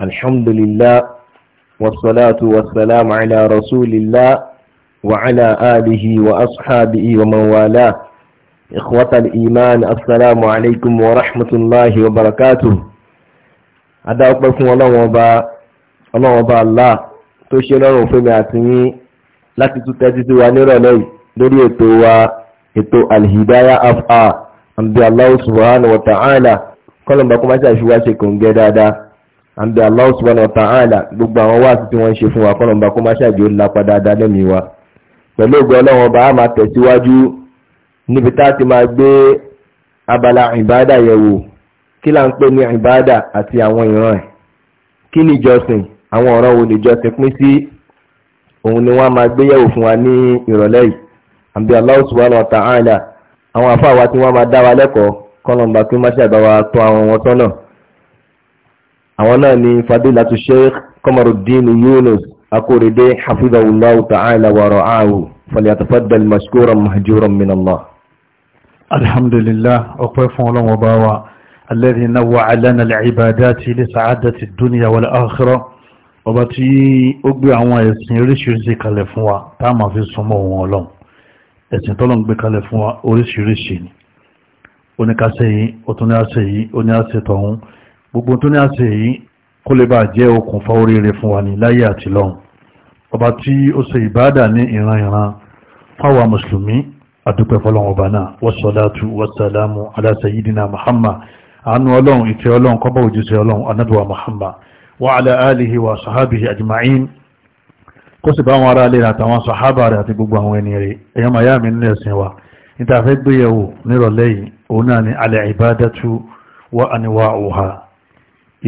الحمد لله والصلاة والسلام على رسول الله وعلى آله وأصحابه ومن والاه إخوة الإيمان السلام عليكم ورحمة الله وبركاته أدعو أقبلكم الله وبا الله وبا الله توشي الله وفيمي أتني لا تتتجد ونرى لي دوري إتوا إتوا الهداية أفعى أنبي الله سبحانه وتعالى كلهم بكم أشعر شواشي جدادا àǹdà Allah subhanahu wa ta'ala gbogbo àwọn wáàsí tí wọ́n ń ṣe fún wa kọ́nà ọba kó má ṣàjò lápá dáadáa lẹ́mìí wa pẹ̀lú ògbẹ́ ọlọ́run ọba a máa tẹ̀síwájú níbi tá a ti máa gbé abala ìbáàdà yẹ̀wò kí là ń pè ní ìbáàdà àti àwọn ìran ẹ̀ kí ni ìjọsìn àwọn ọ̀ràn wo ni ìjọsìn pín sí òun ni wọ́n máa gbé yẹ̀wò fún wa ní ìrọ̀lẹ́ yìí àǹdà Allah subhanahu wa ta'ala àwọn àfáà wa tí wọ́n máa dá wa lẹ́kọ̀ọ́ kọ́nà ọba kí má ṣàbáwa tó àwọn wọn tọ́nà àwọn náà ni fadilatu sheikh kọmarudin yunus akórèdé hafidhahullahu ta'ala wa ra'ahu falyatafaddal mashkuran mahjuran min allah. alhamdulillah ọpẹ́ fún Ọlọ́run ọba wa alladhi nawwa'a lana al-ibadati li sa'adati ad-dunya wal akhirah ọba tí ó gbé àwọn ẹ̀sìn oríṣiríṣi kalẹ̀ fún wa tá a máa fi súnmọ́ wọn Ọlọ́run ẹ̀sìn tọ́lọ́run gbé kalẹ̀ fún wa oríṣiríṣi ni oníkàṣe yìí ó tún ní àṣẹ yìí ó ní àṣẹ tọ̀hún gbogbo tó ní àṣẹ yìí kó lè bá jẹ́ okùnfà oríire fún wa ní láyé àti lọ́run ọba tí ó ṣe ìbáàdà ní ìran ìran fáwa mùsùlùmí àdúpẹ́ fọlọ́run ọba náà wassalatu wassalamu ala sayyidina muhammad àánú ọlọ́run ìtẹ́ ọlọ́run kọ́bọ̀ òjíṣẹ́ ọlọ́run anábíwá muhammad wa ala alihi wa sahabihi ajma'in kó nírọ̀lẹ́yìn òun náà ni al-ibadatu wa anwa'uha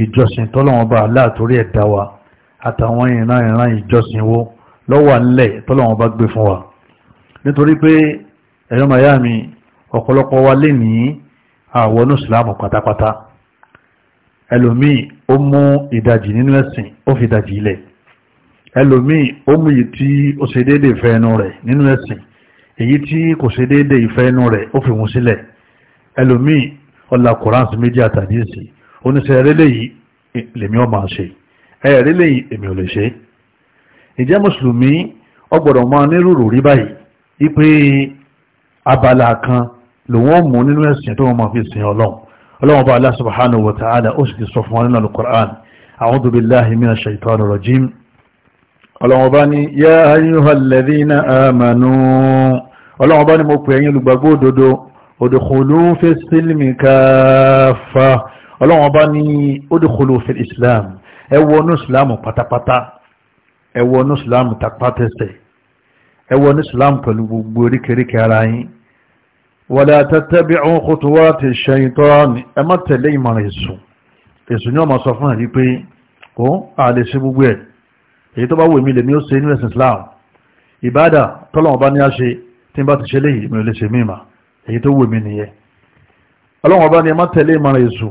ìjọsìn tọ́lọ́wọ́n bá láàtórí ẹ̀dá wa àtàwọn ìran ìran ìjọsìn wo lọ́wọ́ ńlẹ̀ tọ́lọ́wọ́n bá gbé fún wa nítorí pé ẹ̀yọ́ miami ọ̀pọ̀lọpọ̀ wa lè ní àwọn Islam pátápátá ẹlòmíì ó mú ìdajì nínú ẹ̀sìn ó fi ìdajì ilẹ̀ ẹlòmíì ó mú èyí tí ó ṣe déédéé ìfẹ́ rẹ̀ nínú ẹ̀sìn èyí tí kò ṣe déédéé ìfẹ́ rẹ̀ ó fi mú sílẹ̀ ẹlòmíì ó la Kùránì méjì àtàdísì oníṣẹ́ eléyìí eh, lèmi ọ máa ṣe ẹ̀rẹ́ eléyìí èmi ò lè ṣe ìjẹ́ mùsùlùmí ọgbọ̀dọ̀ máa nírúurú rí báyìí wípé abala kan lòun ó mú nínú ẹ̀sìn tó wọ́n máa fi sìn ọlọ́run ọlọ́run bá Allah subhanahu wa ta'ala ó sì ti sọ fún wa nínú alukur'an a'udhu billahi minash shaitani rajim ọlọ́run bá ní yá ayyuhal ladhina amanu ọlọ́run bá ní mo pè ẹ̀yin olùgbàgbọ́ òdodo udkhulu fi silmi kaffa ọlọ́wọ́n bá ní odòkòlò fil islam ẹ wọnú islam pátápátá ẹ wọnú islam tapátẹsẹ̀ ẹ wọnú islam pẹ̀lú gbogbo oríkèéríkèé ara yín wala tattabi'u khutuwati shaytan ẹ má tẹ̀lé ìmọ̀ràn èṣù èṣù ni wọ́n máa sọ fún àyí pé kò àlè ṣe gbogbo ẹ̀ èyí tó bá wù mí lèmi ó ṣe nílẹ̀ islam ìbádà tọ́lọ́wọ́n bá ní á tí n bá ti ṣe léyìí mi ò lè ṣe mímà èyí tó wù mí nìyẹn ọlọ́wọ́n bá ní ẹ má tẹ̀lé ìmọ̀ràn èṣù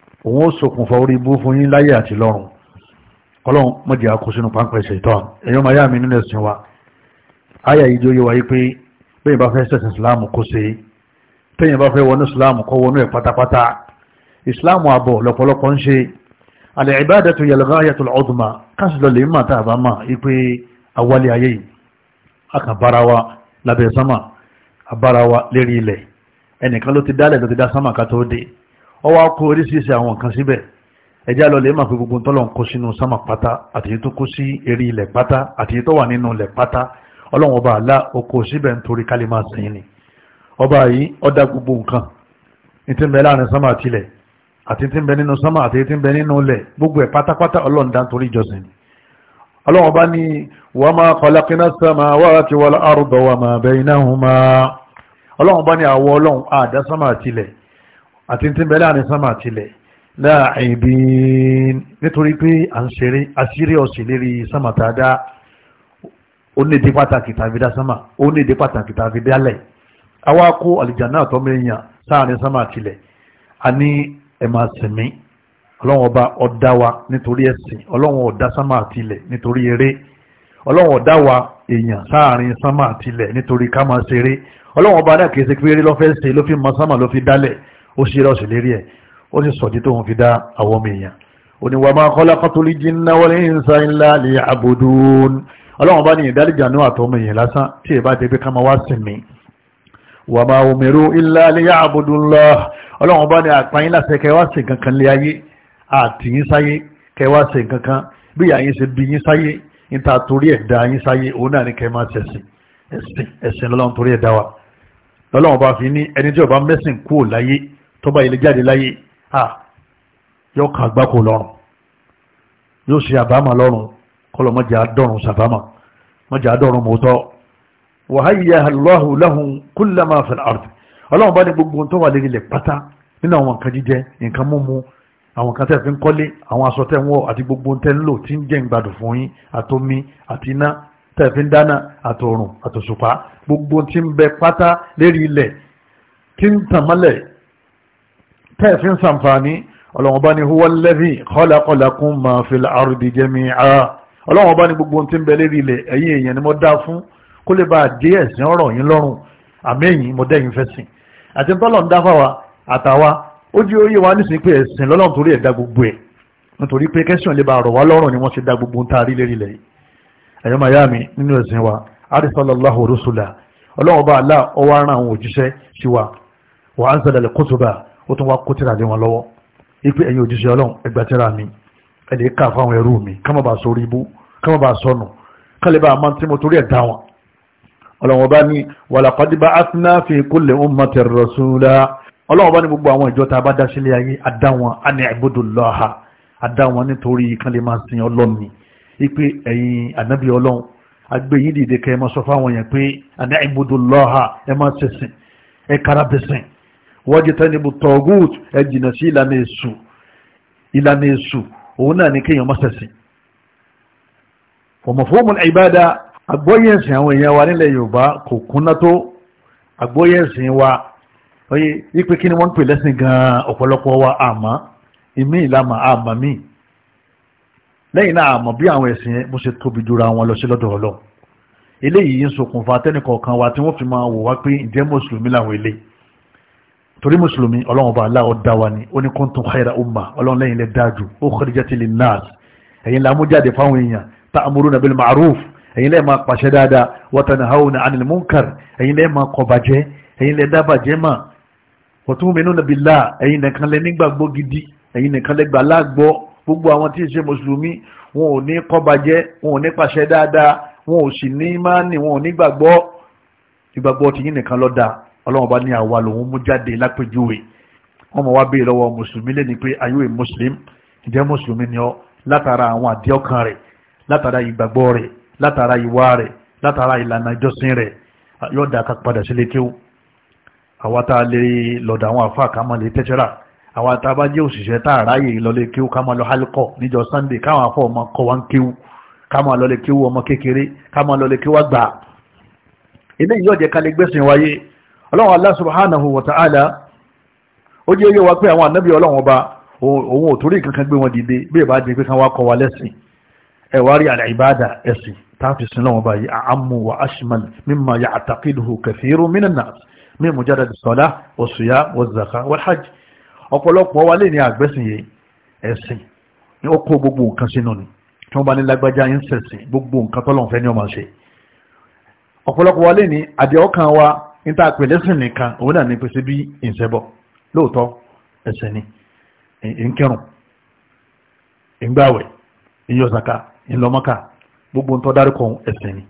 òun ó ṣokùnfà orí ibú fún yín láyé àti lọ́run ọlọ́run mọ̀jẹ̀ àkó sínú pápẹ́sẹ̀ ìtọ́ èèyàn máa yá mi nínú ẹ̀sìn wa àyà yìí jóyè wáyé pé bẹ́ẹ̀ bá fẹ́ ṣẹ̀sìn ìsìláàmù kó ṣe tẹ́yìn bá fẹ́ wọnú ìsìláàmù kó wọnú ẹ̀ pátápátá ìsìláàmù àbọ̀ lọ́pọ̀lọpọ̀ ń ṣe alẹ́ ìbádẹ́tò yalghayatul udma káṣílọ̀ lè má tá a bá mà ipe awálé ayé yìí akàbára wa lábẹ́ sámà abára wa lérí ilẹ̀ ẹnìkan ló ti dálẹ̀ ló ti dá sámà ká tó dé ọwọ́ kó oríṣiríṣi àwọn nǹkan síbẹ̀ ẹjá lọ lè máa fi gbogbo tọ́lọ̀ ń kó sínú sámà pátá àti èyí tó kó sí eré ilẹ̀ pátá àti èyí tó wà nínú ilẹ̀ pátá ọlọ́run ọba àlá oko síbẹ̀ nítorí ká lè máa sìn ní ọba yìí ó gbogbo nǹkan ní ń bẹ láàrin sámà àti ilẹ̀ àti ti ń bẹ nínú sámà àti ti ń bẹ nínú ilẹ̀ gbogbo ẹ̀ pátápátá ọlọ́run dá ọlọ́run ọba ní wa ọlọ́run àdá sámà àti àti tí ń bẹ láàrin sánmà àtilẹ̀ láàìbí nítorí pé à ń ṣeré àṣírí ọ̀sẹ̀ lérí sánmà tá a dá ó ní ìdí pàtàkì tàbí dá sánmà ó ní ìdí pàtàkì tàbí dálẹ̀ àwa kó àlìjáná àtọ́mọ èèyàn sáàrin sánmà àtilẹ̀ a ní ẹ̀ máa sẹ̀mí ọlọ́run ọba ọ̀dá wa nítorí ẹ̀sìn ọlọ́run ọ̀dá sánmà àtilẹ̀ nítorí eré ọlọ́run ọ̀dá wa èèyàn sáàrin sánmà àtilẹ̀ nítorí ká máa ṣeré ọlọ́run ọba náà kìí ṣe pé eré ló ṣe ló fi mọ sánmà ló fi dálẹ̀ ó sì rọ̀ sí lérí ẹ̀ ó sì sọ̀dí tó ń fi dá àwọn ọmọ èèyàn ó ní wa ma khalaqtu l-jinna wal-insa illa liya'budun ọlọ́run bá ní ìdálìjànú àtọmọ èèyàn lásán tí ìbá ti pé ká máa wá sinmi wa ma umiru illa liya'budullah ọlọ́run bá ní àpáyín láti kẹwàá sí kankan lé ayé àti yín sáyé kẹwàá sí kankan bí àyín ṣe bí yín sáyé níta torí ẹ̀dá yín sáyé òun náà ní kẹ máa ṣẹ̀sìn ẹ̀sìn ẹ̀sìn lọ́lọ́run torí ẹ̀dá wa lọ́lọ́run bá fi ní ẹni tí ó mẹ́sìn kúò láyé tó bá ilé jáde láyé à yóò kà àgbákò lọ́rùn yóò ṣe àbámà lọ́rùn kọlọ̀ mọ́jà dọ̀rùn sàbámà mọ́jà dọ̀rùn mọ́tọ́ wàháyà Allahu lahum kullama fil ard ọlọ́run bá ní gbogbo tó wà lérí ilẹ̀ pátá nínú àwọn nǹkan jíjẹ nǹkan múmu àwọn kan tẹ́ fi ń kọ́lé àwọn aṣọ tẹ́ ń wọ̀ àti gbogbo tẹ́ ń lò tí ń jẹ́ ìgbàdùn fún yín àtomi àti iná tẹ́ fi ń dáná àtòrùn àtòṣùpá gbogbo tí ń bẹ pátá lérí ilẹ̀ tí ń tàn mọ́lẹ̀ tẹ́ẹ̀fí ń sàǹfààní ọlọ́wọ́n bá ní huwa alladhi khalaqa lakum ma fil ardi jami'a ọlọ́wọ́n bá ní gbogbo tí ń bẹ lérí ilẹ̀ ẹ̀yin èèyàn ni mo dá fún kó lè bá dé ẹ̀sìn ọ̀rọ̀ yín lọ́rùn àmì ẹ̀yìn mo dẹ́yìn fẹ́ sìn àti tọ́lọ̀ ń dáfà wa àtàwa ó jí oyè wa nísìn pé ẹ̀sìn lọ́lọ́run torí ẹ̀dá gbogbo ẹ̀ nítorí pé kẹ́sìn lè bá rọ̀ wá lọ́rùn ni wọ́n ṣe dá gbogbo ń taari lérí ilẹ̀ yìí ẹ̀yọ́ mayami nínú ẹ̀sìn wa arisalallahu rusula ọlọ́wọ́n bá alá ọwọ́ ara òjíṣẹ́ sí wa wa anzala al-kutuba ó tún wá kó tíra lé wọn lọ́wọ́ ipe ẹ̀yin òjíṣẹ́ ọlọ́run ẹgbà tíra mi ẹ̀dẹ̀ ká fáwọn ẹrú mi kámọ́ bá sórí ibú kámọ́ bá sọnù kálẹ̀ bá máa tí mo torí ẹ̀ dá wọn. ọlọ́run ọba ní walaqad ba'athna fi kulli ummatin rasula ọlọ́run ọba ní gbogbo àwọn ìjọ tá a bá dá sílé ayé adá wọn ani ibudullaha adá wọn nítorí kan máa sin ọlọ́run ni ipe ẹ̀yin ànábì ọlọ́run agbe yìí dìde kẹ́ ẹ wajtanibu tọ́gùt ẹ jìnnà sí ìlànà èṣù ìlànà èṣù òun náà ní kéèyàn mọ́sẹ̀sìn fọmọfọmọ ìbáda agbóyẹ̀sìn àwọn èèyàn wa nílẹ̀ yorùbá kò kúnná tó agbóyẹ̀sìn wa oye wípé kí ni wọ́n ń pè lẹ́sìn gan-an ọ̀pọ̀lọpọ̀ wa àmọ́ ìmí ìlàmà àmọ́ míì lẹ́yìn náà àmọ́ bí àwọn ẹ̀sìn bó ṣe tóbi jura wọn lọ wa tí wọ́n fi máa wò torí mùsùlùmí ọlọ́run bá aláwọ̀ dá wa ní oníkóntún khayra umma ọlọ́run lẹ́yìn lẹ́ dájú ó kharijati linnas ẹ̀yin làmújáde fáwọn èèyàn ta'muruna bil ma'ruf ẹ̀yin lẹ́ẹ̀ máa pàṣẹ dáadáa wa tanahawna 'anil munkar ẹ̀yin lẹ́ẹ̀ máa kọ̀ bàjẹ́ ẹ̀yin lẹ́ẹ̀ dábàjẹ́ mà wa tu'minuna billah ẹ̀yin nìkan lẹ́ nígbàgbọ́ gidi ẹ̀yin nìkan lẹ́ gbà láàgbọ́ ọlọ́run bá ní àwa lòun mú jáde lápèjúwe wọ́n mọ̀ wá béèrè lọ́wọ́ mùsùlùmí lẹ́ni pé ayúwe mùsùlùm ǹjẹ́ mùsùlùmí ni ọ látara àwọn àdéhọ́kan rẹ̀ látara ìgbàgbọ́ rẹ̀ látara ìwà rẹ̀ látara ìlànà ìjọsìn rẹ̀ yóò dà ká padà sílé kéwù àwa tá a lè lọ́dọ̀ àwọn àfa kàmọ́ lè tẹ́tẹ́rà àwa tá a bá jẹ́ òṣìṣẹ́ tá a ráyè lọ́lé kéwù kàmọ́ lọ hálíkọ̀ níjọ́ sunday káwọn afọ ọmọ kọ wá ń kéwù kàmọ́ lọ́lé kéwù ọmọ kékeré kàmọ́ lọ́lé kéwù àgbà eléyìí yóò jẹ́ ká wáyé ọlọ́run Allah subhanahu wa ta'ala ó jẹ́ yíwa pé àwọn ànábì ọlọ́run ọba òun ò torí kankan gbé wọn dìde bí ìbá jẹ́ pé kan wá kọ́ wa lẹ́sìn ẹ̀wà rí àlẹ́ ìbáàdà ẹ̀sìn táàfi sin lọ́wọ́ báyìí àmú wa ashman mimma ya'taqiduhu kathirun minan nas min mujarrad as-salah was-siyam waz-zakah wal-hajj ọ̀pọ̀lọpọ̀ wa lè ní àgbẹ̀sìn yìí ẹ̀sìn ní ó kó gbogbo nǹkan sínú ni tí wọ́n bá ní lágbájá yín sẹ̀sìn gbogbo nǹkan tọ́lọ́run fẹ́ ní ọmọ ṣe ọ̀pọ̀lọpọ̀ wa lè ní àdìọ́kàn wa níta pẹ̀lẹ́sìn nìkan òun náà ní pèsè bí ìṣẹ́bọ̀ lóòótọ́ ẹ̀ṣẹ̀ ni ìǹkẹrùn ìgbàwẹ̀ ìyọ̀sàkà ìlọ́mọ́kà gbogbo ń tọ́ dárúkọ ẹ̀ṣẹ̀ ni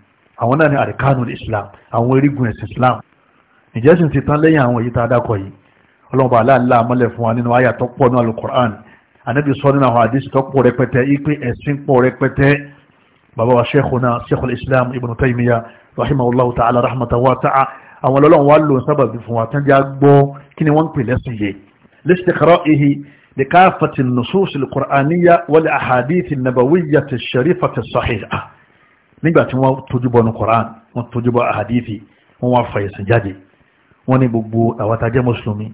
àwọn náà ní àríkánù Islam àwọn erigun ẹ̀sìn Islam ìjẹ́sìn ti tán lẹ́yìn àwọn èyí tá a dákọ̀ yìí ọlọ́mọba aláàlá amọ́lẹ̀ fún wa nínú àyà tó pọ̀ ní alukur'an anábì sọ nínú àwọn àdìsí tó pọ̀ rẹpẹtẹ ipe ẹ̀sìn pọ̀ rẹpẹtẹ bàbá wa sheikhuna sheikhul Islam ibn Taymiyyah rahimahullahu ta'ala wa wasi'a àwọn ọlọ́run wá lò sábàbí fún wa tán já gbọ́ kí ni wọ́n ń pè lẹ́sìn yìí لاستقرائه لكافة النصوص القرآنية والأحاديث النبوية الشريفة الصحيحة nígbà tí wọ́n tójúbọ̀ ní koran wọ́n tójúbọ̀ ahadithi wọ́n wá fàyè sí jáde wọ́n ní gbogbo àwọtajẹ́ mùsùlùmí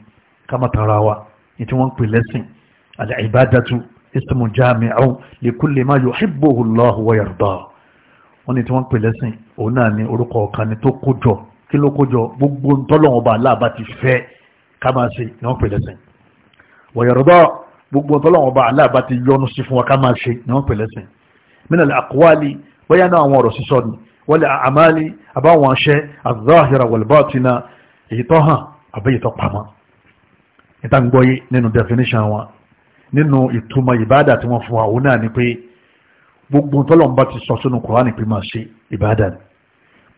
kámàtàrà wa ní tí wọ́n pè lẹ́sìn al-ibadatu ismu jami'un li kulli ma yuhibbuhu Allahu wa yarda wọ́n ní tí wọ́n pè lẹ́sìn òun náà ní orúkọ ọ̀kan ní tó kójọ kí ló kójọ gbogbo ntọ́lọ́wọ́n bá aláàbá ti fẹ́ ká máa ṣe ni wọ́n pè lẹ́sìn wọ̀yọ̀rọ̀dọ́ gbogbo ntọ́lọ́wọ́n bá aláàbá ti yọ́nú sí fún wa ká máa ṣe ni wọ́n pè lẹ́sìn mínàlẹ̀ àkọ́wálì bóyá náà àwọn ọ̀rọ̀ sísọ ni wọ́n lè àmàlì àbáwọn aṣẹ́ az-zahira wal-batina èyí tó hàn àbẹ́yìí tó pamọ́ ìtàǹgbọ́yé nínú definition wọn nínú ìtumọ̀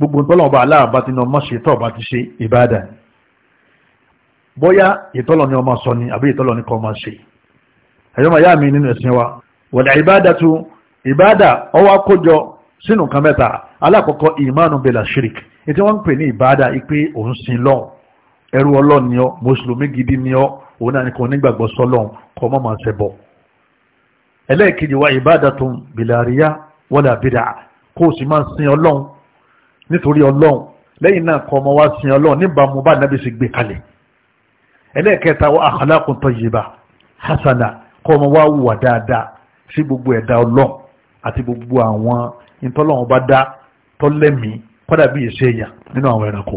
gbogbo tọ́lọ̀ọba aláàbá ti ní ọmọ ṣe tọ́ọ̀bá ti ṣe ìbádà bóyá ìtọ́lọ̀ ni ọmọ sọ ni àbí ìtọ́lọ̀ ni kọ́ ọmọ ṣe ẹ̀yọ́ màá yá mi nínú ẹ̀sìn wa wọ̀dà ìbádà tu ìbádà ọwọ́ kójọ sínú kan mẹ́ta alákọ̀ọ́kọ́ ìmánu bela shirik ètí wọ́n ń pè ní ìbádà ipe òun sin lọ́n ẹrú ọlọ́run ni ọ́ mùsùlùmí gidi ni ọ́ òun ni kò nígbàgbọ́ sọ́lọ́n kọ́ ọmọ wa ìbádà tún bìlàríyá wọ́dà bìdà kó o nítorí ọlọ́run lẹ́yìn náà kọ́ ọmọ wa sin ọlọ́run níbàámu bá nàbí sì gbé kalẹ̀ ẹlẹ́ẹ̀kẹta akhlaqun tayyiba hasana kọ́ ọmọ wa wùwà dáadáa sí gbogbo ẹ̀dá ọlọ́run àti gbogbo àwọn ìtọ́lọ́run bá dá tọ́lẹ́mìí kọ́dà bí ìṣe èèyàn nínú àwọn ẹranko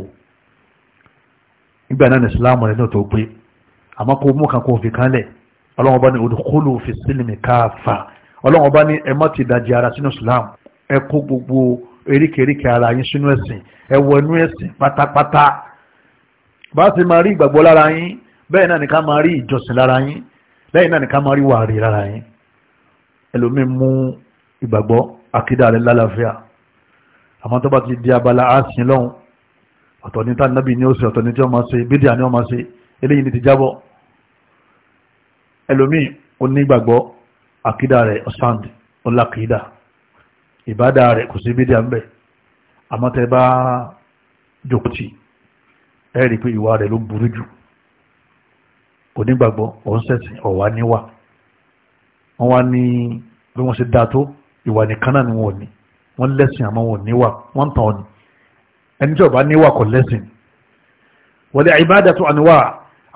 nígbà náà ní ìsìláàmù rẹ̀ náà tó gbé àmọ́ kó mú kan kó fi kan lẹ̀ ọlọ́run bá ní udkhulu fi sílìmì káàfà ọlọ́run bá ní ẹ ti dàjì ara sínú ìsìláàmù ẹ kó gbogbo eríkèríkè ara yín sínú ẹ̀sìn ẹ̀wọ̀ inú ẹ̀sìn pátápátá bá ti máa rí ìgbàgbọ́ lára yín bẹ́ẹ̀ náà ni ká máa rí ìjọsìn lára yín lẹ́yìn náà ni ká máa rí wàrí lára yín ẹlòmíín mú ìgbàgbọ́ akídà rẹ̀ lálàáfíà àmọ́ tó bá ti di abala àásìn lọ́hùn ọ̀tọ̀ ní tá nábì ní oṣù ọ̀tọ̀ ní tí wọ́n máa ṣe bídíà ni wọ́n máa ṣe eléyìí ni ti jábọ̀ ẹlòmíín onígbàgbọ́ akídà rẹ̀ ọ̀sáǹdì ọ̀làkídà ìbádà rẹ̀ kò sí bídíà ń bẹ̀ àmọ́ tẹ́ bá jòkútì ẹ rí i pé ìwà rẹ̀ ló burú jù kò nígbàgbọ́ òun ṣẹ̀sìn ọ̀wá níwà wọ́n wá ní bí wọ́n ṣe dáa tó ìwà nìkan náà ni wọ́n ní wọ́n lẹ́sìn àmọ́ wọn níwà wọ́n tàn ọ́ ni ẹni tí ó bá níwà kò lẹ́sìn wọlé ìbádà tó àníwà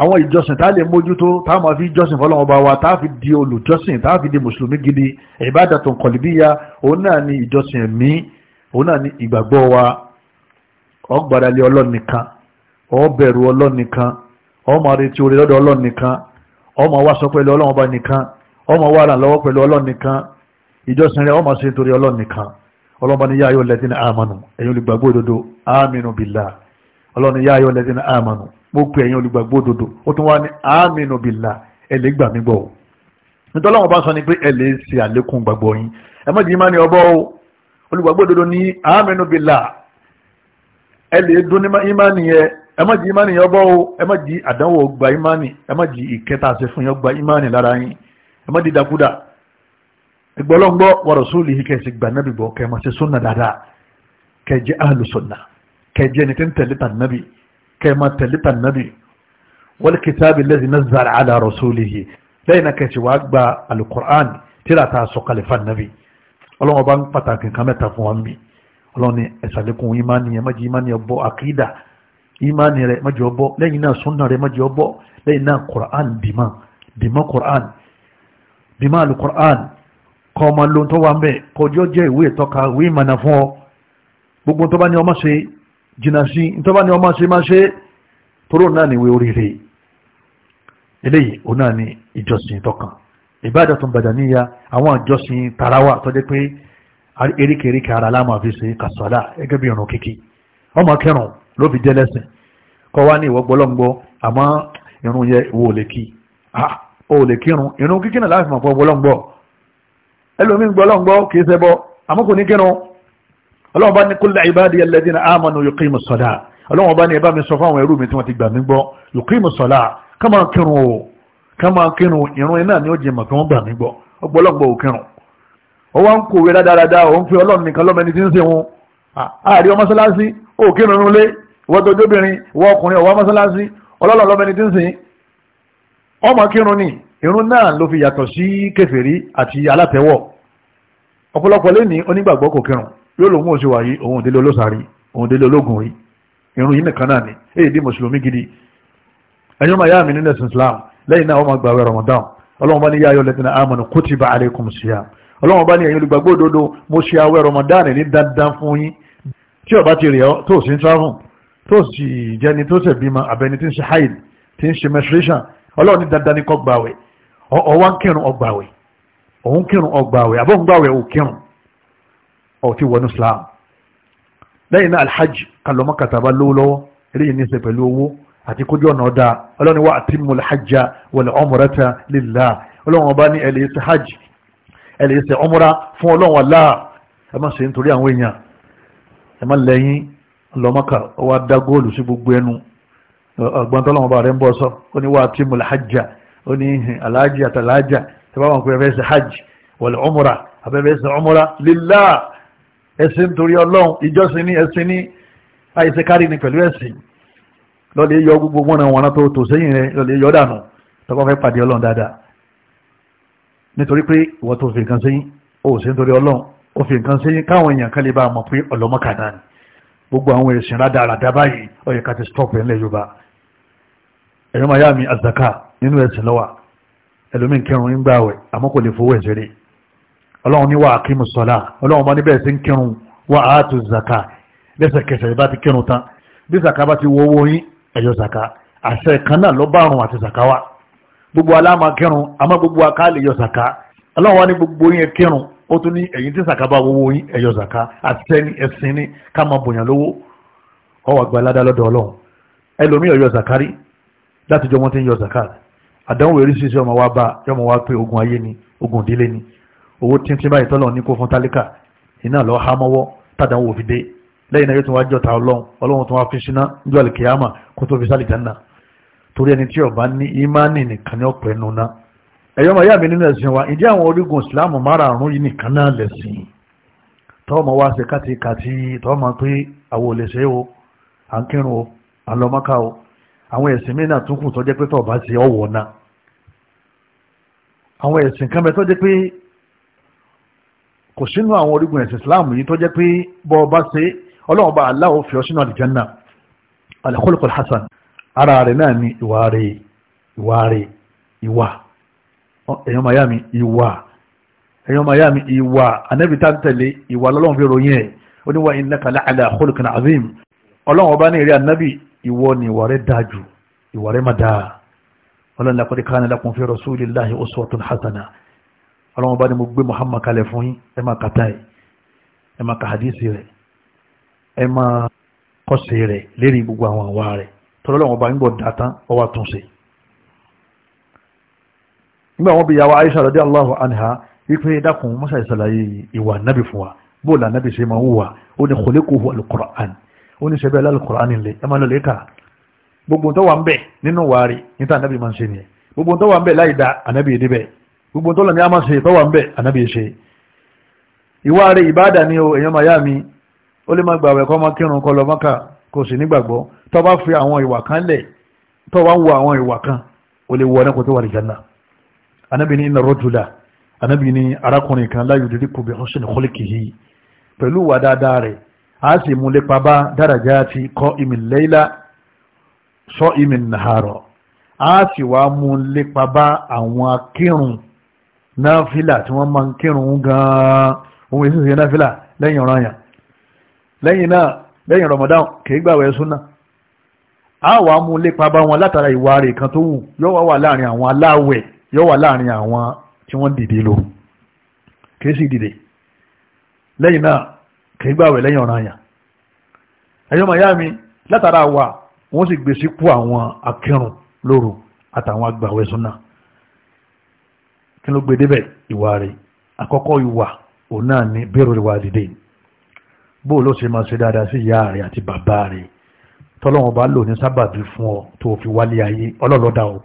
àwọn ìjọsìn tá lè mójútó tá máa fi jọsìn fọ́lọ́run ọba wa tá fi di olùjọsìn tá fi di mùsùlùmí gidi ìbádàtun kọ̀lìbíyà òun náà ni ìjọsìn ẹ̀mí òun náà ni ìgbàgbọ́ wa ó gbáralé Ọlọ́run nìkan ó bẹ̀rù Ọlọ́run nìkan ó máa retí orí lọ́dọ̀ Ọlọ́run nìkan ó máa wá sọ pẹ̀lú Ọlọ́run ọba nìkan ó máa wá ràn lọ́wọ́ pẹ̀lú Ọlọ́run ìjọsìn rẹ̀ ó mo ẹ̀yìn ẹ̀yin olùgbàgbọ́ òdodo ó tún wá ní àmínú bìlà ẹ o nítorí àwọn bá sọ ni pé ẹlẹ́ si ṣe àlékún gbàgbọ́ yín ẹ má jìnnìmá ni ọbọ̀ o olùgbàgbọ́ òdodo ní àmínú dún ní ẹ ọbọ̀ o ẹ jì àdánwò gba ẹ jì ìkẹta fún yẹn gba lára yín ẹ sóòlì yìí gbà nábì gbọ́ kẹ́ dáadáa kẹ́ jẹ́ jẹ́ ẹni tí ń tẹ̀lé nábì kẹma tẹ̀lítà nàbì wal kitabi allazi nazzala ala rasulihi lẹ́yìn náà kẹsì wàá gba alukur'an tíra ta sọ kalifa nàbì ọlọ́wọ́n bá ń pàtàkì nǹkan mẹ́ta fún wa ń bí ọlọ́wọ́n ni ẹ̀sàlẹ́kùn ìmánìyàn májì ìmánìyàn bọ́ àkídà ìmánìyàn rẹ̀ májì ọbọ̀ lẹ́yìn náà súnà rẹ̀ májì ọbọ̀ lẹ́yìn náà kur'an dìmá dìmá kur'an dìmá alukur'an kọ́ ọmọ lóun tó wà ń bẹ̀ kọjọ́ jẹ́ ìwé ìtọ́ka ìwé ìmọ̀nà fún ọ gbogbo tó bá ní ọmọ ṣe jìnà sí ìtọ́bá ni ọmọ ṣe máa ṣe tóró náà níwé oríire eléyìí o náà ni ìjọsìn tọkàn ìbádàtún bàdàníyà àwọn ìjọsìn tarawa tó jẹ́ pé eríkèríkè ara láàmà fi ṣe kàṣọ́lá gẹ́gẹ́ bí ọ̀run kíkí ọmọ kẹrùn ló fi jẹ́lẹ́sìn kọ́ wá ní ìwọ́gbọ́lọ́gbọ́ àmọ́ irun yẹ wo lè kí o lè kírun irun kíkí náà láti mọ̀ pọ̀ gbọ́lọ́gbọ́ ẹlòmíì ọlọ́run bá ní kul ibadiya alladhina amanu yuqimu ssalah ọlọ́run bá ní ẹ bá mi sọ fáwọn ẹrú mi tí wọ́n ti gbà mí gbọ́ yuqimu ssalah ká máa kírun o ká máa kírun ìrun iná ni ó jẹ mọ̀ kí wọ́n gbà mí gbọ́ ọgbọ́lọ́gbọ́ ò kírun ó wá ń kòwé dáadáa òun fi ọlọ́run nìkan lọ́mẹni tí ń ṣe wọn àárí ọmọ mọ́sálásí ó kírun nulẹ̀ ìwọ́n tó jóbìnrin ìwọ́ ọkùnrin ọwọ́ mọ́sálásí ọlọ́run lọ́mẹni tí ń sìn ọmọ kírun ni irun kò kírun yóò lòun ò sí wàyí òun délé olóṣàrí òun délé ológun rí irun yìí nìkan náà ni èyí di mùsùlùmí gidi ẹ̀yin ọmọ ìyá mi nínú ẹ̀sìn Islam lẹ́yìn náà wọ́n máa gbàwẹ̀ Ramadan ọlọ́run bá ní yáyọ lẹ́tìnà amanu kutiba alaykum siyam ọlọ́run bá ní ẹ̀yin olùgbàgbọ́ òdodo mo ṣe àwẹ̀ Ramadan ní dandan fún yín tí ọba ti rẹ̀ ọ́ tó sì ń travel tó sì jẹni tó sì bímọ abẹni tí ń ṣe haid tí ń ṣe menstruation ọlọ́run ní dandan ní kó gbàwẹ̀ ọwọ́ kírun ó òun kírun ó àbọ̀ ń gbàwẹ̀ ò kírun ọ̀tí wọnú Islam lẹ́yìn náà alhajj kalọ́mọ́ kàtàbá lówó lọ́wọ́ eléyìí ní ṣe pẹ̀lú owó àti kójú ọ̀nà ọ̀dà ọlọ́ni wa atimul hajja wal umrata lillah ọlọ́run ọba ní ẹ̀lẹ́ ṣe hajj ẹ̀lẹ́ ṣe umra fún ọlọ́run Allah ẹ má ṣe nítorí àwọn èèyàn ẹ má lẹ́yìn lọ́mọ́kà ọwọ́ adá góòlù sí gbogbo ẹnu ọgbọ́n tọ́lọ́run ọba rẹ̀ ẹ̀sìn torí ọlọ́run ìjọsìn ní ẹ̀sìn ní àìsèkárí ni pẹ̀lú ẹ̀sìn lọ́lẹ̀ yọ gbogbo mọ́nà wọn tó tò sẹ́yìn rẹ lọ́lẹ̀ yọ dànù tọ́kọ́ fẹ́ pàdé ọlọ́run dáadáa nítorí pé ìwọ tó fi nǹkan sẹ́yìn ó sì ń torí ọlọ́run ó fi nǹkan sẹ́yìn káwọn èèyàn kan lè bá mọ̀ pé ọlọ́mọkà náà ni gbogbo àwọn ẹ̀sìn rádaràdá báyìí ó ká ti stop ẹ̀ ńlẹ̀ yorùbá ẹ̀yọ́ máa azaka nínú ẹ̀sìn lọ́wà ẹlòmíì ún ń gbà wẹ̀ àmọ́ kò lè fowó ẹ̀sẹ̀ rẹ̀ ọlọ́run ní wà á kímù sọ́lá ọlọ́run bá níbẹ̀ sí ń kírun wà á zaka lẹ́sẹ̀kẹsẹ̀ bá ti kírun tán bí zaka bá ti wo owó yín ẹ̀yọ zaka àṣẹ kan náà ló àti zaka wa gbogbo aláàmà kírun àmọ́ gbogbo aká lè yọ zaka ọlọ́run wá ní gbogbo yín kírun ó tún ní ẹ̀yìn tí zaka bá wo owó yín ẹ̀yọ zaka àṣẹ ni ẹ̀sìn ni ká máa bòyàn lówó ọwọ́ àgbà aládá lọ́dọ̀ ọlọ́run ẹlòmíì ni ogun ni owó tíntín báyìí tọ́lọ̀ ní kó fún tálíkà iná lọ há mọ́wọ́ tàdán wò fi lẹ́yìn náà yóò tún wá jọta ọlọ́run ọlọ́run tún wá fi síná níjọ́ àlìkìyàmà kó tó fi sálì jánà torí ẹni tí ọba ní ìmánì nìkan ní ọ̀pẹ́ nuna ẹ̀yọ́ màá yà mí nínú ẹ̀sìn wa ìdí àwọn orígun ìsìláàmù márààrún yìí nìkan náà lẹ̀sìn wá ṣe o o o kò sínú àwọn orígun ẹ̀sìn islam yìí tó jẹ́ pé bọ́ ọba ṣe ọlọ́run bá aláwọ̀ fi ọ sínú àlìjánná alẹ́kọ́lùkọ́ hasan ara rẹ̀ náà ni ìwà rẹ̀ ìwà rẹ̀ ìwà ẹ̀yọ́ miami ìwà ẹ̀yọ́ miami ìwà anẹ́bí tá ń tẹ̀lé ìwà lọ́lọ́run fi ròyìn ẹ̀ ó ní wà innaka la'ala khuluqin azim ọlọ́run ọba ní eré anẹ́bí ìwọ ni ìwà rẹ̀ dáa jù ìwà rẹ̀ má dáa ọlọ́run laqad kana lakum fi rasulillahi uswatun hasana ọlọ́wọ́n bá ní mo gbé Muhammad kalẹ̀ fún yín ẹ máa kàtá ẹ̀ ẹ máa ka hadisi rẹ̀ ẹ máa kọ́sẹ̀ rẹ̀ lérí gbogbo àwọn àwa rẹ̀ tọ́lọ́wọ́n bá ń bọ̀ dá tán ọwọ́ àtúnṣe. nígbà wọn bí yàwó Aisha radiyallahu anha wípé dákun mọ́sá ìsàlàyé ìwà nábì fún wa bóòlù ànábì ṣe máa ń wùwà ó ní khuliquhu al-Qur'an ó ní sẹ́bẹ̀ al-Qur'an gbogbo tó lọ́nà àmà ṣe tọ́wà ń bẹ̀ ànábì ṣe ìwà rẹ̀ ìbáàdà ni o èèyàn màyá mi ó lè má gbàwẹ̀ kọ́ má kírun kọ́ lọ mọ́kà kò sì nígbàgbọ́ tó bá fi àwọn ìwà kan lẹ̀ tó bá ń wo àwọn ìwà kan ó lè wọ ẹnìkan tó wà nìjànà ànábì ní iná rọ́jùlá ànábì ní arákùnrin kan láyò dídí kò bí wọ́n yìí pẹ̀lú wà dáadáa rẹ̀ a sì mú lépa bá dáràjá ti kọ́ ìmì lẹ́yìnlá sọ ìmì nàárọ̀ a sì wá mú lépa bá àwọn akírun náfílà tí wọ́n máa ń kírun gan-an ohun èsì ṣe náfílà lẹ́yìn ọ̀ràn yàn lẹ́yìn náà lẹ́yìn Ramadan kìí gbàwẹ̀ súnà a wà mú lépa bá wọn látara ìwà rẹ̀ kan tó wù yóò wà wà láàrin àwọn aláwẹ̀ yóò wà láàrin àwọn tí wọ́n dìde lò kìí sì dìde lẹ́yìn náà kìí gbàwẹ̀ lẹ́yìn ọ̀ràn yàn ẹ̀yọ́ miami látara wà wọ́n sì gbèsè kú àwọn akẹ́rùn lóru àtàwọn agbàwẹ̀ súnà kí ló gbé débẹ̀ ìwà rẹ̀ àkọ́kọ́ ìwà òun náà ni bẹ́rù rẹ̀ wà dìde bóò ló ṣe máa ṣe dáadáa sí ìyá rẹ̀ àti bàbá rẹ̀ tọ́lọ́wọ́n bá lò ní sábàbí fún ọ tó fi wálé ayé ọlọ́lọ́dà o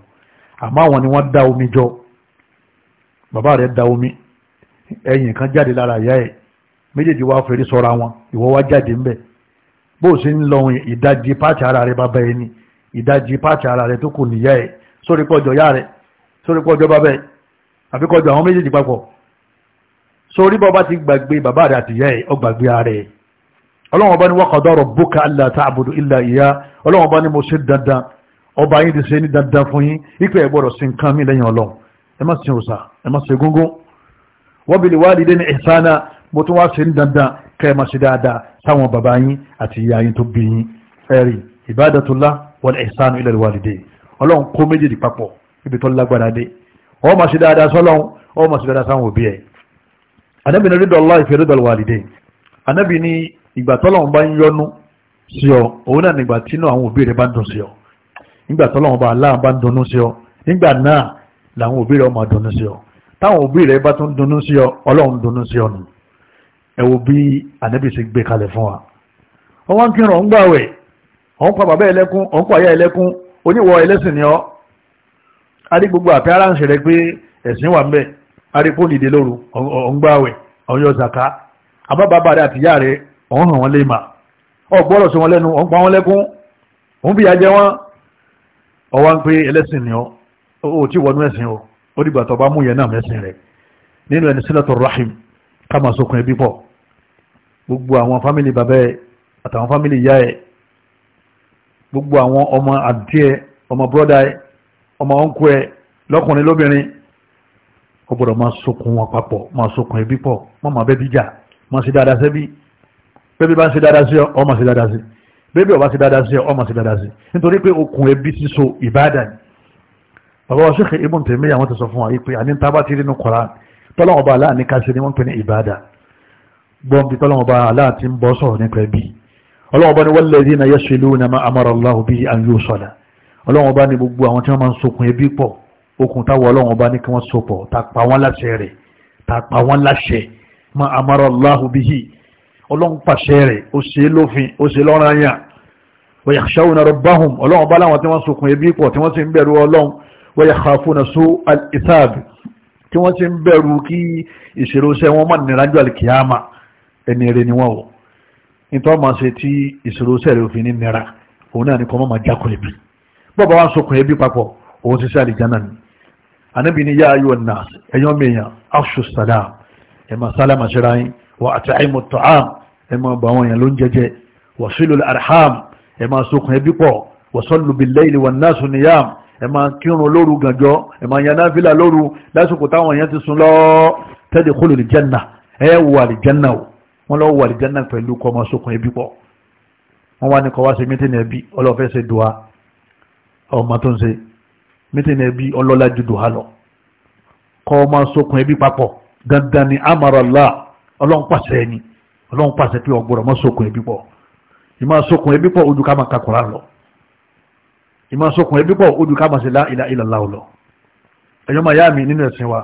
àmọ́ àwọn ni wọ́n dá omi jọ bàbá rẹ̀ dá omi ẹ̀yìn kan jáde lára ìyá ẹ̀ méjèèjì wá fèrè sọ́ra wọn ìwọ wá jáde ńbẹ̀ bó o ṣe ń lọ ìdajì pàtì ara rẹ̀ bàbá ẹni ìdajì pàtì ara rẹ̀ tó kù níyà ẹ̀ sórí pọ́jọ yá rẹ̀ sórí pọ́jọ bàbá ẹ̀ àfi kọjú àwọn méjèèjì papọ̀ sórí bọ́ bá ti gbàgbé bàbá rẹ̀ àti ìyá ẹ̀ ọ gbàgbé ààrẹ ọlọ́wọ́n bá ní wa qada rabbuka alla ta'budu illa iyyah ọlọ́wọ́n bá ní mo ṣe dandan ọba yín ti ṣe ní dandan fún yín ipe ẹ̀ gbọ́dọ̀ sin kan mí lẹ́yìn ọlọ́run ẹ má sin òòṣà ẹ má sin egúngún wa bil walidayni ihsana mo tún wá ṣe ní dandan kẹ́ ẹ má ṣe dáadáa sáwọn bàbá yín àti ìyá yín tó bí yín ẹ̀rí ibadatullah wal ihsanu ila al walidayn ọlọ́run kó méjèèjì papọ̀ ibi tó lágbára dé ọ ma ṣe dáadáa sọ́lọ́n ọ ma ṣe dáadáa sáwọn òbí ẹ̀ anábì ní rídọ̀ Allah ìfẹ́ rídọ̀ wàlìdẹ́ anábì ní ìgbà tọ́lọ́n bá ń yọnu sí ọ òun náà nígbà tínú àwọn òbí rẹ̀ bá ń dùn sí ọ nígbà tọ́lọ́n bá aláà bá ń dunnú sí ọ nígbà náà làwọn òbí rẹ̀ máa dunnú sí ọ táwọn òbí rẹ̀ bá tún dunnú sí ọ ọlọ́run dunnú sí ọ nù ẹ wo bí anábì ṣe gbé kalẹ̀ fún wa ọwọ́n kírun ọ̀ ń gbàwẹ̀ ọ̀ ń pa bàbá ẹlẹ́kún ọ̀ ń pa àyà ẹlẹ́kún oníwọ̀ ẹlẹ́sìn ni ọ́ a rí gbogbo appearance rẹ̀ pé ẹ̀sìn wà mẹ́ a kó nìdè lóru ọ̀ngbàwẹ̀ ọ̀yọ́ zaka àbábàbà rẹ̀ àtìyá rẹ̀ ọ̀hún hàn wọ́n lè mà ọ̀gbọ́rọ̀ sí wọn lẹ́nu ọ̀n pa wọn lẹ́kún òun bí ajẹ́ wọn ọwá ń pé ẹlẹ́sìn ni ọ ò tí wọnú ẹ̀sìn o ó dìgbà tó bá mú yẹn náà mẹ́sìn rẹ̀ nínú ẹni sílẹ̀tọ̀ rahim ká máa sokun ẹbí pọ̀ gbogbo àwọn fámìlì bàbá ẹ àtàwọn fámìlì ìyá ẹ gbogbo àwọn ọmọ àǹtí ọmọ bọ́dà ẹ ọmọ ọ̀nkú ẹ lọ́kùnrin lóbìnrin ó gbọ́dọ̀ máa sokun wọn papọ̀ máa sokun ẹbí pọ̀ má máa bẹ́bí jà máa ṣe dáadáa sẹ́bí bẹ́bí bá ń ṣe dáadáa sí ọ ọ máa ṣe dáadáa sí bẹ́bí ọba ṣe dáadáa sí ọ ọ máa ṣe dáadáa sí nítorí pé okùn ẹbí ti so ìbáàdà ni bàbá wa ṣèkè ibùn tèmi àwọn ti sọ fún wa yìí pé àní tábà ti rí nu kọ́ra tọ́lọ́wọ́n bá aláàní ká ṣe ni wọ́n pè ní ìbáàdà gbọ́n bí tọ́lọ́wọ́n bá aláàtí ń bọ́ sọ̀rọ̀ nípa ẹbí ọlọ́wọ́n bá ní wal ladhina yasiluna ma amara Allahu bihi an yusala ọlọ́run bá ní gbogbo àwọn tí wọ́n máa ń sokùn ẹbí pọ̀ okùn táwọn ọlọ́run bá ní kí wọ́n so pọ̀ tá láṣẹ rẹ̀ tá pa láṣẹ ma amara Allahu bihi ọlọ́run pàṣẹ rẹ̀ ó ṣe lófin ó ṣe lọ́rọ̀ ayà wa yakhshawna rabbahum ọlọ́run bá láwọn tí wọ́n sokùn ẹbí pọ̀ tí wọ́n sì ń bẹ̀rù ọlọ́run su al-ithab tí wọ́n sì ń bẹ̀rù kí ìṣòro iṣẹ́ wọn má nira jù àlìkìyàmà ẹni rẹ̀ ni ni kọ́ mọ́ bọ́ọ̀bà wa ń sokùn ẹbí papọ̀ òun ti sẹ́ àlìjáná ni anabi ni yáa yóò nà ẹ̀yọ́ mìíràn afṣu salam ẹ̀ máa sálámà ṣe ra wà àti àìmọ̀ tọ́ám ẹ̀ bọ̀ àwọn èèyàn ló ń jẹjẹ wà sílò arham ẹ̀ máa ẹbí pọ̀ wà sọ́lù bil-layli wà náà niyam ẹ̀ kírun lóru gànjọ́ ẹ̀ máa yan lóru lásìkò táwọn èèyàn ti sùn lọ tadkhulu al-janna ẹ̀ wà al-janna o wọ́n lọ wà al-janna pẹ̀lú kọ́ máa sokùn ẹbí pọ̀ wọ́n wá ní kọ́ wá sí mítí ẹbí ọlọ́fẹ́ ṣe dùá ọmọ tó ń ṣe mítìnì ẹbí ọlọ́lá ju dùhà lọ kọ́ ọmọ sókun ẹbí papọ̀ dandan ni amarala ọlọ́run pàṣẹ ẹni ọlọ́run pàṣẹ pé ọgbọ́dọ̀ mọ́ sókun ẹbí pọ̀ ìmọ̀ sókun ẹbí pọ̀ ojú ká máa ka Kùránì lọ ìmọ̀ sókun ẹbí pọ̀ ojú ká máa ṣe lá ilà ilà ẹ̀yọ́ máa yá mi nínú ẹ̀sìn wa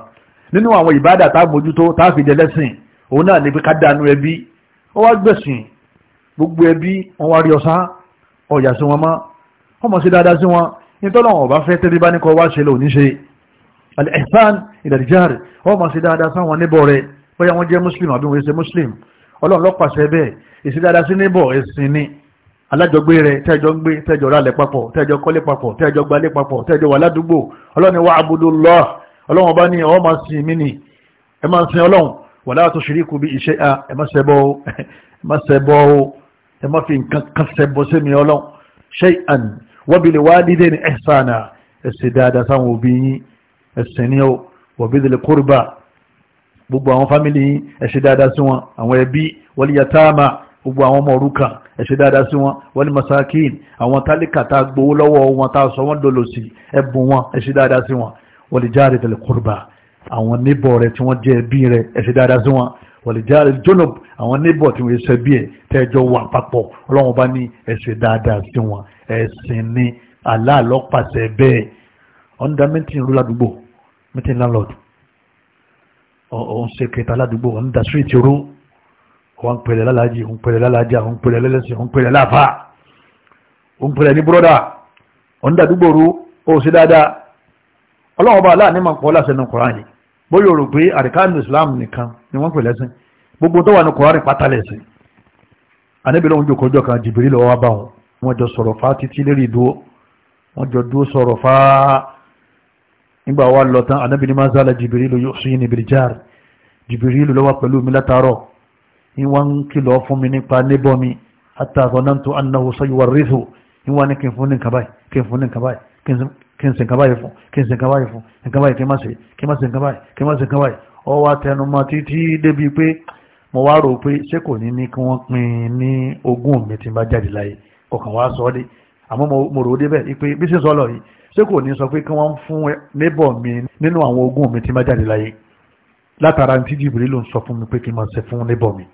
nínú àwọn ìbádà tá a mójútó tá a fi jẹ lẹ́sìn òun náà ní pé ká dànù ẹbí ó wá gbẹ̀sìn gbogbo ẹbí wọn wá rí ọsán ọ̀yà sí wọn mọ́ wọ́n mọ̀ sí dáadáa sí wọn nítorí wọn ọba fẹ́ tẹ́lẹ̀ bá ní kọ́ wá ṣe lò níṣe al-ihsan ìdàdíjáre wọ́n mọ̀ sí dáadáa sáwọn níbọ̀ rẹ̀ bóyá wọ́n jẹ́ muslim àbí wọ́n ṣe muslim ọlọ́run ló pàṣẹ bẹ́ẹ̀ ìṣe dáadáa sí níbọ̀ ẹ̀sìn ni alájọgbé rẹ̀ tẹ́jọ ń gbé tẹ́jọ rálẹ̀ papọ̀ tẹ́jọ kọ́lé papọ̀ tẹ́jọ gbalé papọ̀ tẹ́jọ wà ládùúgbò ọlọ́run ni wa'budullah ọlọ́run ọba ni ọ máa sin ni ẹ máa sin ọlọ́run wala tushriku bi shay'a ẹ má ṣẹbọ ẹ má ṣẹbọ ẹ má fi nǹkan kan ṣẹbọ sí mi ọlọ́run shay'an wabili walidayni ihsana ẹ̀sìn dáadáa sáwọn òbí yín ẹ̀sìn ní ọ wabili kurba gbogbo àwọn fámìlì yín ẹ̀sìn dáadáa sí wọn àwọn ẹbí wal yatama gbogbo àwọn ọmọ òrukàn ẹ̀sìn dáadáa sí wọn wal masakin àwọn tálíkà tá gbowó lọ́wọ́ wọn tá sọ wọ́n dolo sí ẹ̀bùn wọn ẹ̀sìn dáadáa sí wọn wal jari dil kurba àwọn níbọ̀ rẹ̀ tí wọ́n jẹ́ ẹbí rẹ̀ ẹ̀sìn dáadáa sí wọn wọ̀lẹ̀járe jónòb àwọn níbọ̀ tí wọ́n ṣe bí ẹ̀ tẹ́jọ́ wà papọ̀ ọlọ́run bá ní ẹ̀ṣẹ̀ dáadáa sí wọn ẹ̀sìn ni aláàlọ́pàṣẹ bẹ́ẹ̀ ọ̀ndà mẹ́tìn rú ládùúgbò mẹ́tìn landlord ọ̀hún ṣe kẹta ládùúgbò ọ̀ndà street rú wọ́n ń pẹ̀lẹ̀ lálàájì ń pẹ̀lẹ̀ lálàájà ń pẹ̀lẹ̀ lẹ́lẹ́sìn ń pẹ̀lẹ̀ láàfà ń pẹ̀lẹ̀ ní búrọ́dà ọ̀ndà dúgbò rú ó ṣe dáadáa ọlọ́run bá aláàánú máa ń pọ̀ láṣẹ nù Kùránì bóyá rò pé àríkánu islam nìkan ni wọ́n pè lẹ́sìn gbogbo tó wà ní kòrárì pátálẹ̀sì anábìlẹ̀ oúnjẹ kọjọ́ kan jìbìrì lọ́wọ́ bá wọn wọ́n jọ sọ̀rọ̀ fá títí lérí ìdúó wọ́n jọ dúó sọ̀rọ̀ fá nígbà wà lọ tán anábìlẹ̀ máa zálà jìbìrì lọ yóò sí ní bìrìjáàrì jìbìrì lọ wà pẹ̀lú mi látàárọ̀ ìwọ́n kìlọ̀ fún mi nípa níbọ̀ mi àtàkọ̀ náà tó kí n sì nǹkan báyìí fún kí n sì nǹkan báyìí fún nǹkan báyìí kí n má ṣe kí n má ṣe nǹkan báyìí kí n má ṣe nǹkan báyìí ọ wá tẹnu mọ́ títí débi pé mo wá rò pé ṣé kò ní ní kí wọ́n pín ní ogún mi tí n bá jáde láyé ọkàn wá sọ ọ́ dé àmọ́ mo rò ó débẹ̀ pé bí sísọ lọ yìí ṣé kò ní sọ pé kí wọ́n fún níbọ̀ mi nínú àwọn ogún mi tí n bá jáde láyé látara tí jìbìrì ló ń sọ fún mi pé kí n máa ṣe fún níbọ̀ mi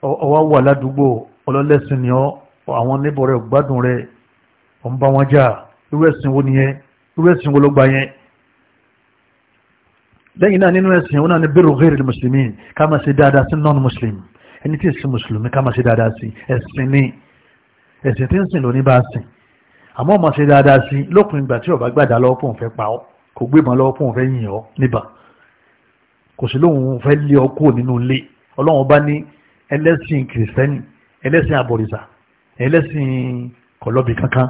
ọwọ́ wà ládùúgbò ọlọ́lẹ́sìn ni ọ àwọn níbọ̀ rẹ̀ gbádùn rẹ̀ ọ̀ ń bá wọn jà irú ẹ̀sìn wo nìyẹn irú ẹ̀sìn wo ló gba yẹn lẹ́yìn náà nínú ẹ̀sìn wọn náà ni bẹ́rù muslimin ká máa ṣe dáadáa non-muslim ẹni tí ìsìn mùsùlùmí ká máa ṣe dáadáa sí ni ẹ̀sìn tí ń sìn lóní bá sìn àmọ́ máa ṣe dáadáa sí lópin ìgbà tí ọba gbàdá lọ́wọ́ fún òun fẹ́ pa ọ́ kò gbé ìbọn lọ́wọ́ fún òun fẹ́ yìn ọ́ níbà kò sí lóun ẹlẹ́sìn kìrìsìtẹ́nì ẹlẹ́sìn àbọ̀rìṣà kankan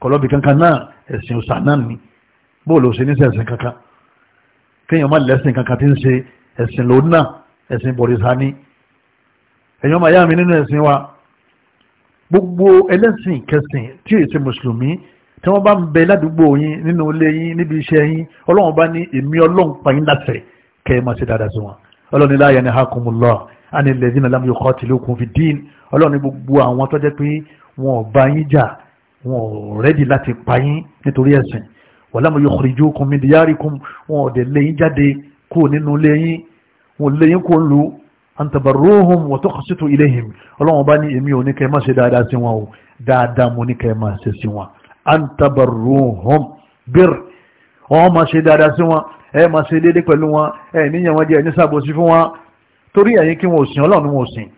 kọlọ́bì kankan náà ẹ̀sìn òsà náà ni bóòlù òsè níṣẹ́ ẹ̀sìn kankan kéèyàn má lẹ́sìn kankan tí ń ṣe ẹ̀sìn lòun náà ẹ̀sìn bọ̀rìṣà ni ẹ̀yàn máa yá mi nínú ẹ̀sìn wa gbogbo ẹlẹ́sìn kẹsìn tí èyí ṣe mùsùlùmí tí wọ́n bá ń bẹ ládùúgbò yín nínú ilé yín níbi iṣẹ́ yín ọlọ́run bá ní èmi ọlọ́run pa yín láṣẹ kẹ́ ẹ máa ṣe dáadáa sí wọn ọlọ́run ní la yanhakumullah anil ladhina lam yuqatilukum fid din ọlọ́run ní wọn ò rẹ́dì láti pa yín nítorí ẹ̀sìn walam yukhrijukum min diyarikum wọn ò dẹ̀ lẹ́yìn jáde kú nínú lẹ́yìn wọn lẹ́yìn kó lu an tabarruhum wa tuqsitu ilayhim ọlọ́wọ́n bá ní èmi ò ní kẹ́ máa ṣe dáadáa sí wọn o dáadáa mo ní kẹ́ máa ṣe sí wọn an tabarruhum bir wọn máa ṣe dáadáa sí wọn ẹ máa ṣe déédé pẹ̀lú wọn ẹ níyàn wọn jẹ ẹ ní sàbòsí fún wọn torí ẹ̀yin kí wọn ò sìn ọlọ́run wọn ò sìn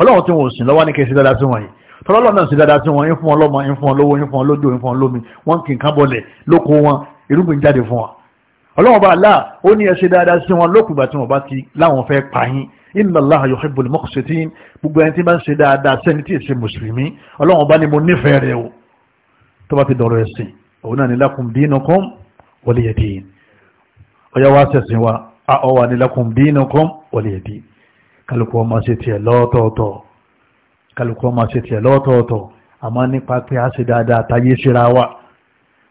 ọlọ́run tí wọn ò sìn lọ́wọ́ ní kẹ́ ṣe dáadáa sí wọn yìí tọ́lọ́lọ́ náà sì dáadáa sí wọn ń fún wọn lọ́mọ ń fún wọn lówó ń fún wọn lójú ń fún wọn lómi wọ́n kì í kán bọ̀lẹ̀ lóko wọn irúgbìn jáde fún wọn ọlọ́wọ́n bá aláà ó ní ẹ ṣe dáadáa sí wọn lókùgbà tí wọ́n bá ti láwọn fẹ́ pa yín inna Allaha yuhibbul muqsitin gbogbo ẹni tí bá ń ṣe dáadáa sẹ́ni tí ì ṣe mùsùlùmí ọlọ́wọ́n bá ní mo nífẹ̀ẹ́ rẹ o tó kálukú máa ṣe tiẹ̀ lọ́tọ̀ọ̀tọ̀ àmọ́ nípa pé a ṣe dáadáa táyé síra wa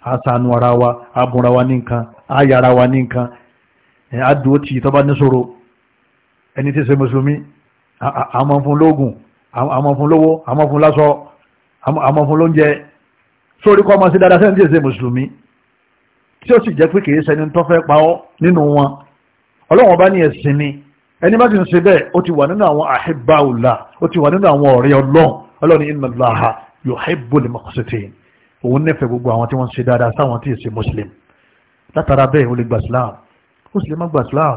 a sànù ara wa a bùnra wa ní nǹkan a yàrá wa ní nǹkan a dúró tì tọ́ bá níṣòro ẹni tí ṣe mùsùlùmí a máa fún lóògùn a fún lówó a fún láṣọ a fún lóúnjẹ sórí kọ́ máa ṣe dáadáa sẹ́ni tí ṣe mùsùlùmí tí ó sì jẹ́ pé kì ṣẹni tó fẹ́ pa ọ́ nínú wọn ọlọ́wọ́n bá ní ẹ̀sìn ni ẹni bá ti ṣe bẹ́ẹ̀ ó ti wà nínú àwọn àhíbáùlà ó ti wà nínú àwọn ọ̀rẹ́ ọlọ́run ọlọ́run inna Allaha yuhibbul muqsitin òun nífẹ̀ẹ́ gbogbo àwọn tí wọ́n ṣe dáadáa sáwọn tí ìṣe muslim látara bẹ́ẹ̀ ó lè gba islam ó sì lè má gba islam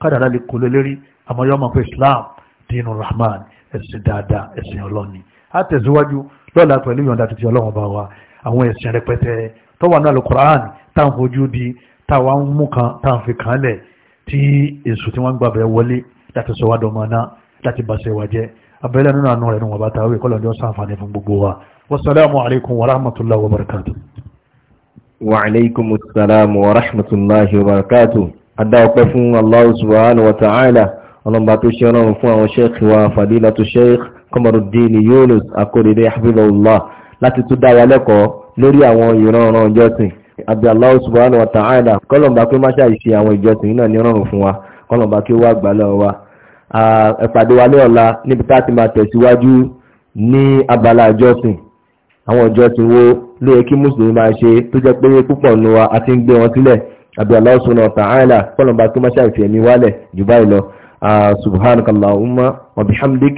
kádàrá lè kó lélẹ́rí àmọ́ yọ́ máa pé islam dínú rahman ẹ̀sìn dáadáa ẹ̀sìn ọlọ́ni á tẹ̀síwájú lọ́la pẹ̀lú yọ̀ǹda títí ọlọ́run bá wa àwọn tí èso tí wọ́n ń gbàbẹ̀ wọlé láti sọ wádọ̀ mọ́ náà láti bá ṣe wà jẹ́ abẹ́lẹ̀ nínú àánú rẹ̀ nínú wàbá tàwé kọ́lọ̀dọ́ sàǹfààní fún gbogbo wa wasalaamu alaykum wa rahmatulahi wa barakatu. wa alaykum salaam wa rahmatulahi wa barakatu. adá ọpẹ́ fún allah subhanahu wa ta'ala ọlọ́mọba tó ṣe ọlọ́run fún àwọn sheikh wa fadilatu sheikh kọmọrùdín yunus akóredé hafizahullah láti tún dá wa lẹ́kọ̀ọ́ lórí àwọn ìran ọ̀ràn ìjọsìn àbí Allah subhanahu wa ta'ala kọ́lọ̀mbà pé máṣá ìṣe àwọn ìjọsìn náà ní rọrùn fún wa kọ́lọ̀mbà kí ó wà gbà lọ́wọ́ wa ẹ̀pàdé wa ní ọ̀la níbi tá ti máa tẹ̀síwájú ní abala ìjọsìn àwọn ìjọsìn wo ló yẹ kí mùsùlùmí máa ṣe tó jẹ́ pé púpọ̀ nu wa àti ń gbé wọn sílẹ̀ àbí Allah subhanahu wa ta'ala kọ́lọ̀mbà pé máṣá ìfẹ́ mi wálẹ̀ jù báyìí lọ subhanakallahumma wa bihamdik